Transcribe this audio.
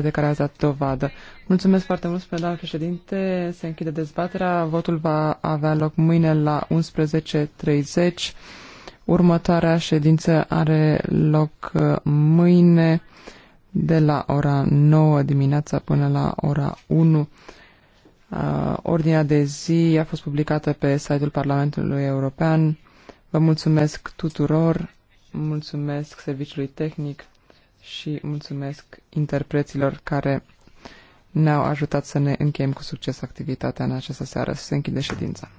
de care ați dat dovadă. Mulțumesc foarte mult, spre doamna președinte. Se închide dezbaterea. Votul va avea loc mâine la 11.30. Următoarea ședință are loc uh, mâine de la ora 9 dimineața până la ora 1. Uh, ordinea de zi a fost publicată pe site-ul Parlamentului European. Vă mulțumesc tuturor, mulțumesc serviciului tehnic și mulțumesc interpreților care ne-au ajutat să ne încheiem cu succes activitatea în această seară. Se închide ședința.